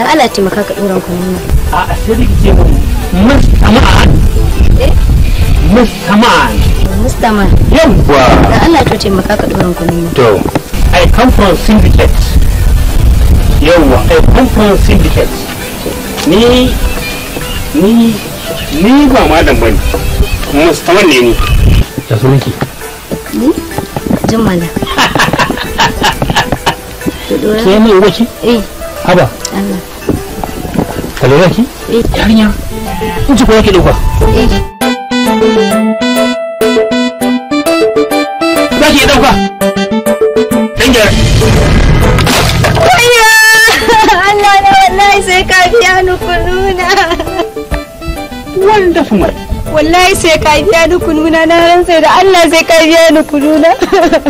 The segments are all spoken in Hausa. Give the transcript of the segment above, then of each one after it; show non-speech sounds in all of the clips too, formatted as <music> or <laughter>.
dan Allah taimaka ka dora ku nan a a sai dake ce mu mustaman eh mustaman mustaman yawa dan Allah to taimaka ka dora ku nan to i come from syndicate yawa i come from syndicate ni ni ni ba dan bane mustaman ne ni da sunki ni jummala <laughs> ke mai wuce eh haba Allah kalera ki eh, yarinya in ji ko kelen kuwa. za ki dauka dan gyara ayya <laughs> Allah na wallahi sai ka biya ni kununa wonderful wallahi sai ka biya ni kununa na sai da Allah sai ka biya ni kununa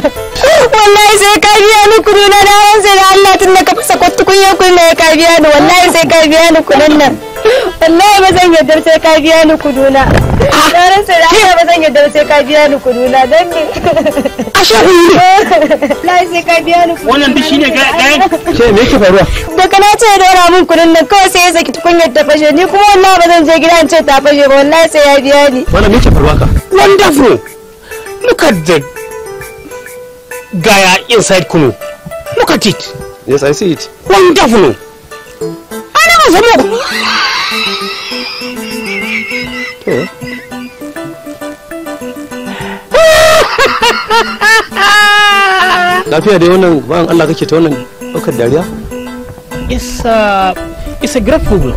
<laughs> wallahi sai ka biya ni kununa na sai da Allah tun da ka fasa kwatukunya kunna ya ka biya ni wallahi sai ka biya ni kunan nan wallahi ba zan yarda sai ka biya ni kuduna ah, na sai lafiya ba zan yarda sai ka biya ni kuduna dan ne a shafi ne lai sai ka biya ni kuduna wannan duk shine ga ɗayan ce me yake faruwa da kana ce dora min kudin nan kawai sai ya saki tukunyar ta fashe ni kuma wallahi ba zan je gidan ce ta fashe ba wallahi sai ya biya ni wannan me yake faruwa ka wonderful look at that gaya inside kunu look at it yes i see it wonderful I never saw more. <laughs> lafiya dai wannan bayan Allah kake ta wannan ɗaukar dariya isa isa it's great problem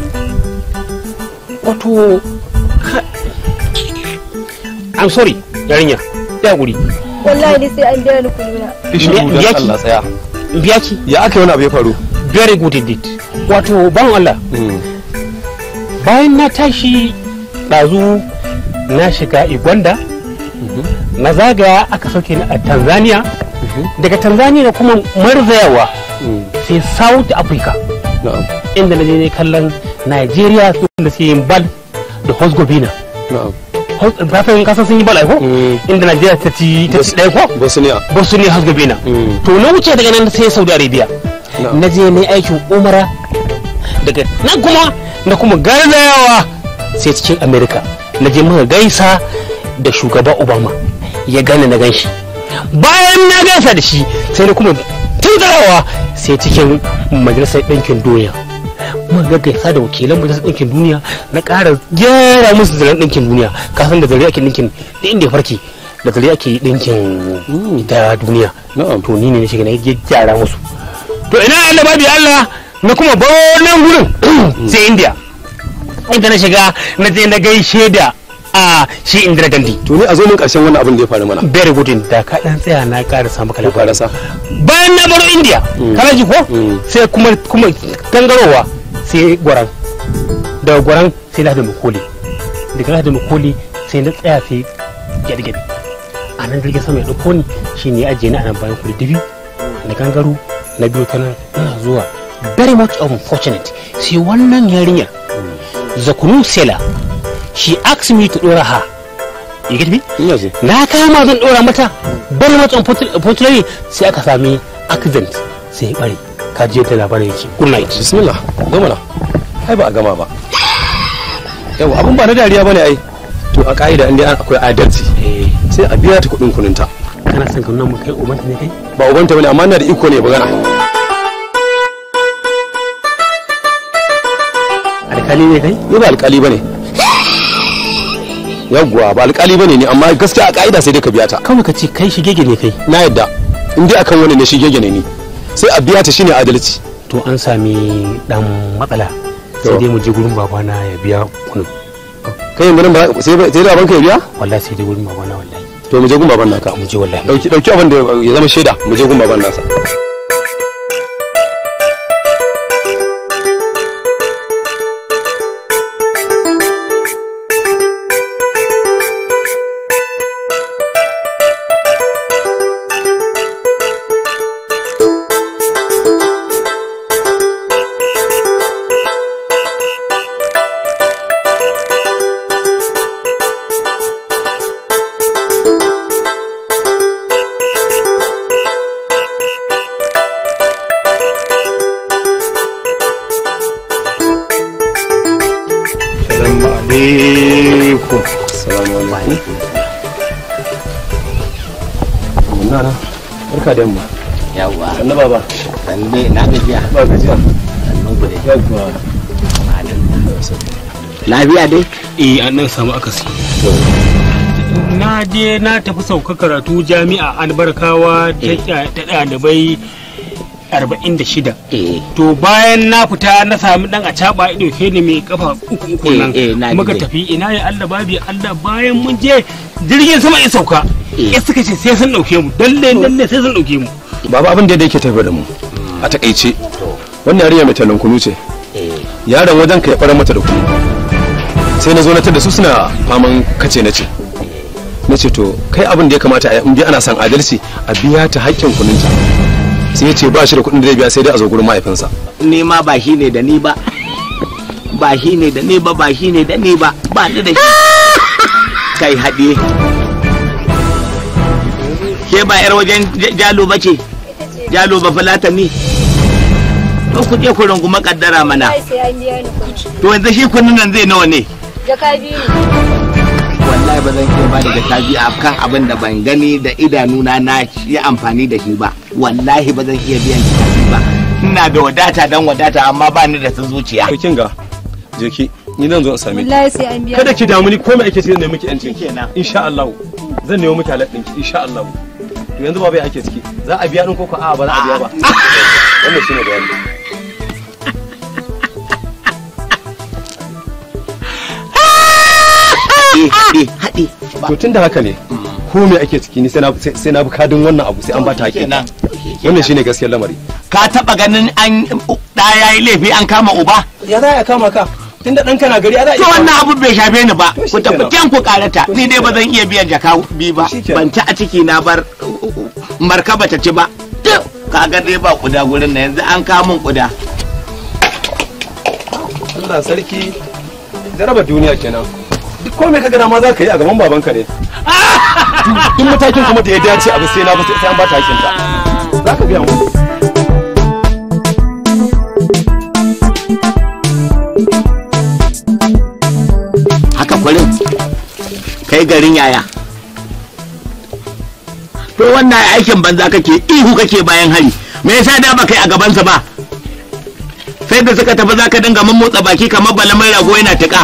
wato I'm sorry yarinya ya guri wallahi ne sai an biya ni kuɗina biya Allah tsaya biya ki ya aka yi wani abu ya faru very good indeed wato ban Allah mm. bayan na tashi ɗazu na shiga igwanda na zagaya aka sauke ni a tanzania daga tanzania kuma marzayawa sai south africa inda na je ne kallon nigeria da suke yin bal da hosgobina zafin kasan sun yi bal aiko mm. inda nigeria ta ci ɗaya ko bosnia bosnia hosgobina mm. to na wuce daga nan sai saudi arabia na je ne aikin umara daga nan kuma na kuma garzayawa sai cikin america na je muka gaisa da shugaba obama ya gane na ganshi bayan na gaisa da shi sai na kuma tunzarawa sai cikin majalisar ɗinkin duniya mun ga gaisa da wakilan majalisar ɗinkin duniya na ƙara gyara musu zaren ɗinkin duniya kasan da zare ake ɗinkin da inda farki da zare ake ɗinkin mm. ta duniya to ni ne na shiga na gyara musu to ina Allah babu Allah na kuma nan gurin <coughs> sai india inda na shiga na je na gaishe da a shi indira gandhi to ni a zo min karshen wannan abin da ya faru mana very good da ka dan tsaya na karasa maka labarin bayan na baro india mm. kana ji ko mm. sai kuma kuma gangarowa sai gwaran daga gwaran sai na da makoli daga na da makoli sai na tsaya sai gyadgyadi a nan jirgin sama ya ɗauko ni shi ne ajiye ni a nan bayan kuri dubi na gangaro na biyu ta nan ina zuwa very much unfortunate sai wannan yarinyar zakunu sela she asked me to dora ha you get me na kama zan dora mata very much unfortunate sai aka sami accident sai ya bare ka je ta labarin yake good night bismillah gama na ai ba a gama ba yau abun ba na dariya bane ai to a ka'ida in dai akwai adalci eh. sai a biya ta kuɗin kuninta kana son ka nuna mu kai ubanta ne kai ba ubanta bane amma na da iko ne magana alkali ne kai ni ba alkali bane yawwa ba alkali bane ne amma gaskiya a ka'ida sai dai ka biya ta kawai ka ce kai shigege ne kai na yadda in dai akan wani ne shigege ne ni sai a biya ta shine adalci to an sami dan matsala sai dai mu je gurin babana ya biya kunu kai yanzu nan sai sai da banka ya biya wallahi sai dai gurin babana wallahi to mu je gurin baban ka. mu je wallahi dauki dauki abin da ya zama shaida mu je gurin baban sa. amfani na, barka da yamma yawwa sannu baba sannu ne, na gajiya ba gajiya sannu ku gode yawwa lafiya dai eh an nan samu akasi na je na tafi sauka karatu jami'a albarkawa eh. ta ɗalibai arba'in da shida eh. to bayan na fita na sami dan a caba ido ke ne mai kafa uku uku nan eh, eh, muka tafi ina ya Allah babi Allah bayan mun je jirgin sama ya sauka ya suka ce sai sun dauke mu dalle dalle sai sun dauke mu baba abin da yake tafi da mu a takaice wannan yarinya mai talon kunu ce yaron wajen ka ya fara mata da kunu sai na zo na tada su suna faman kace na ce na ce to kai abin da ya kamata a yi ana son adalci a biya ta haƙƙin kununta sai ya ce ba shi da kuɗin da zai biya sai dai a zo gurin mahaifinsa ni ma ba shi ne da ni ba ba shi ne da ni ba ba shi ne da ni ba ba ni da shi kai haɗe ke ba yar wajen jalo ba ce jalo ba falata ni Ba ku je ku rungu kaddara mana to yanzu shi kunnan zai nawa ne jaka biyu wallahi ba zan iya bada da tabi a kan abin da ban gani da idanuna na yi amfani da shi ba wallahi ba zan iya biyan tabi ba ina da wadata dan wadata amma ba ni da ta zuciya kin ga je ki ni nan zo a same wallahi sai an biya kada ki damu ni komai ake sai da miki yanci kenan insha Allah zan nemo miki halal ɗinki insha Allah to yanzu ba bai ake ciki za a biya din ko ko a ba za a biya ba ah! wannan shine bayani haɗe eh, ah, eh. haɗe to da haka ne ko me ake ciki ni sai na bukadin wannan abu sai an bata haƙi wannan shine gaskiyar lamari ka taba ganin an da yayi laifi an kama uba ya za ya kama ka tunda dan kana gari a za to wannan abu bai shafe ni ba ku kyan ku karata ni dai ba zan iya biyan jaka bi ba ban ta a ciki na bar markaba ta ci ba kaga dai ba kuda gurin na yanzu an kamun kuda Allah sarki jaraba duniya kenan duk me ka gana ma za ka yi a gaban babanka ne duk matakin kuma da ya dace abu sai na sai an ba ta hakinta za ka gaya mu haka kwarin kai garin yaya to wannan aikin banza kake ihu kake bayan hari me yasa da ba kai a gabansa ba sai da suka tafi za ka dinga motsa baki kamar balamai rago yana tuƙa